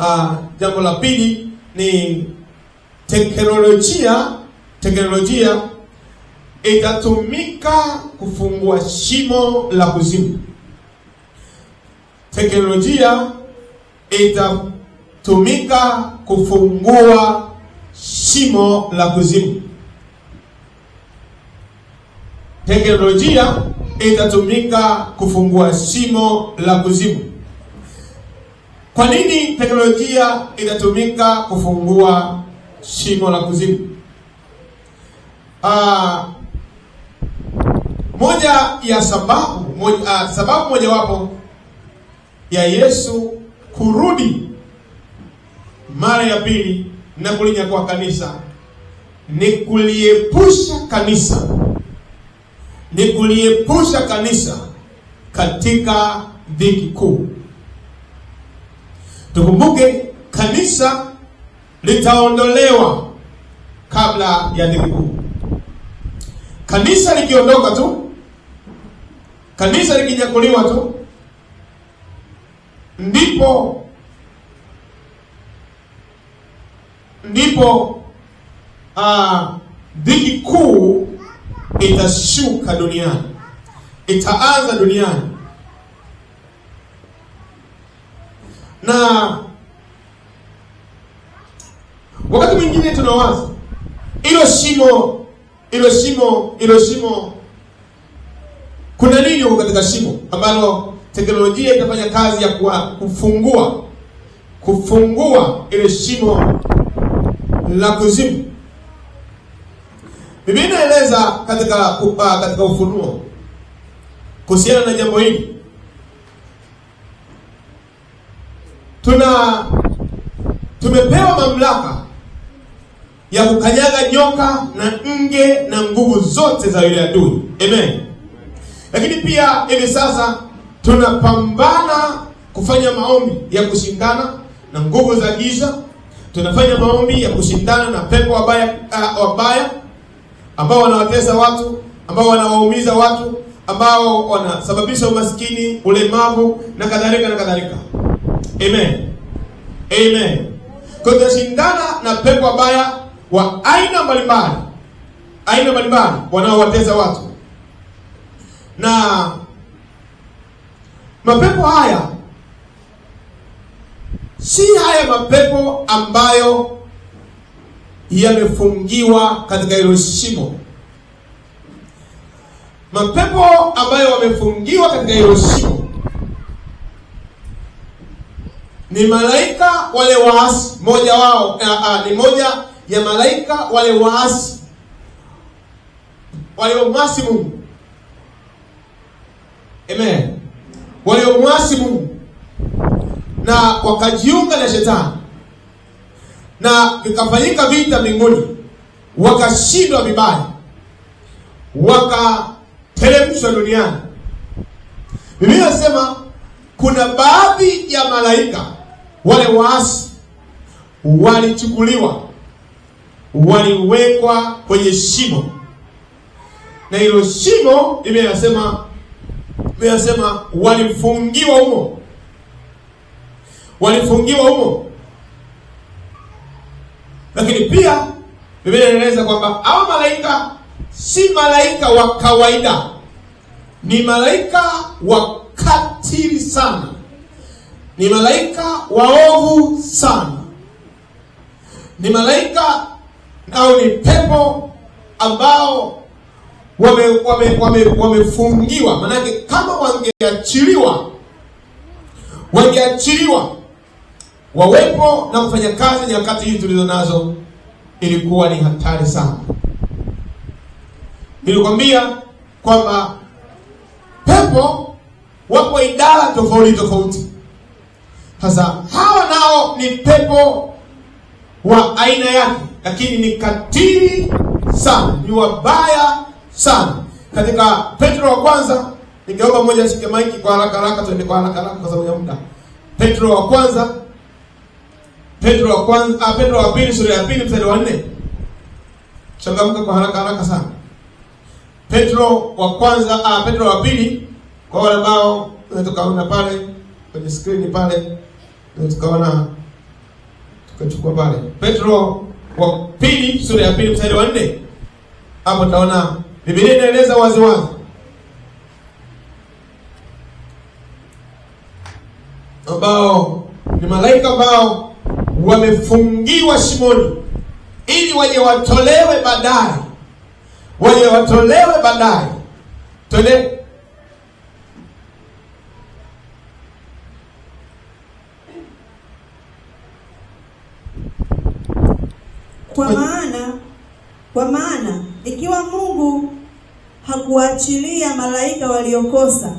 Ah, jambo la pili ni teknolojia. Teknolojia itatumika kufungua shimo la kuzimu. Teknolojia itatumika kufungua shimo la kuzimu. Teknolojia itatumika kufungua shimo la kuzimu. Kwa nini teknolojia inatumika kufungua shimo la kuzimu? Uh, moja ya sababu moja, uh, sababu mojawapo ya Yesu kurudi mara ya pili na kulinyakua kanisa ni kuliepusha kanisa ni kuliepusha kanisa katika dhiki kuu. Tukumbuke kanisa litaondolewa kabla ya dhiki kuu. Kanisa likiondoka tu, kanisa likinyakuliwa tu, ndipo ndipo uh, ah, dhiki kuu itashuka duniani, itaanza duniani. na wakati mwingine tunawaza ilo shimo, ilo shimo, ilo shimo, kuna nini huko katika shimo ambalo teknolojia itafanya kazi ya kuwa, kufungua kufungua ile shimo la kuzimu. bibi inaeleza katika, ah, katika Ufunuo kuhusiana na jambo hili tuna tumepewa mamlaka ya kukanyaga nyoka na nge na nguvu zote za yule adui. Amen. Lakini pia hivi sasa tunapambana kufanya maombi ya kushindana na nguvu za giza. Tunafanya maombi ya kushindana na pepo wabaya, uh, wabaya ambao wanawatesa watu, ambao wanawaumiza watu, ambao wanasababisha umaskini, ulemavu na kadhalika na kadhalika. Amen. Amen. Kwa tunashindana na pepo wabaya wa aina mbalimbali, aina mbalimbali wanaowateza watu, na mapepo haya si haya mapepo ambayo yamefungiwa katika hilo shimo. Mapepo ambayo wamefungiwa katika hilo shimo ni malaika wale waasi, moja wao a, eh, a, ah, ah, ni moja ya malaika wale waasi waliomwasi Mungu. Amen, waliomwasi Mungu na wakajiunga na shetani na vikafanyika vita mbinguni, wakashindwa vibaya, wakateremshwa duniani. Biblia inasema kuna baadhi ya malaika wale waasi walichukuliwa, waliwekwa kwenye shimo, na hilo shimo imeyasema imeyasema, walifungiwa humo, walifungiwa humo. Lakini pia Biblia inaeleza kwamba hao malaika si malaika wa kawaida, ni malaika wa katili sana ni malaika waovu sana, ni malaika au ni pepo ambao wamefungiwa, wame, wame, wame kama wangeachiliwa wangeachiliwa wawepo na kufanya kazi nyakati hii tulizo nazo, ilikuwa ni hatari sana. Nilikwambia kwamba pepo wapo idara tofauti tofauti. Sasa hawa nao ni pepo wa aina yake, lakini ni katili sana, ni wabaya sana. Katika Petro wa kwanza, ningeomba moja shike maiki kwa haraka haraka, tuende kwa haraka haraka kwa sababu ya muda. Petro wa kwanza, Petro wa kwanza, ah, Petro wa pili sura ya pili mstari wa 4. Changamka kwa haraka haraka sana. Petro wa kwanza, ah, Petro wa pili kwa wale ambao unatoka pale kwenye screen pale tukaona tukachukua pale. Petro wa pili sura ya pili mstari wa nne. Hapo taona Biblia inaeleza wazi wazi. Ambao ni malaika ambao wamefungiwa shimoni ili waje watolewe baadaye, waje watolewe baadaye tole Kwa maana kwa maana ikiwa Mungu hakuachilia malaika waliokosa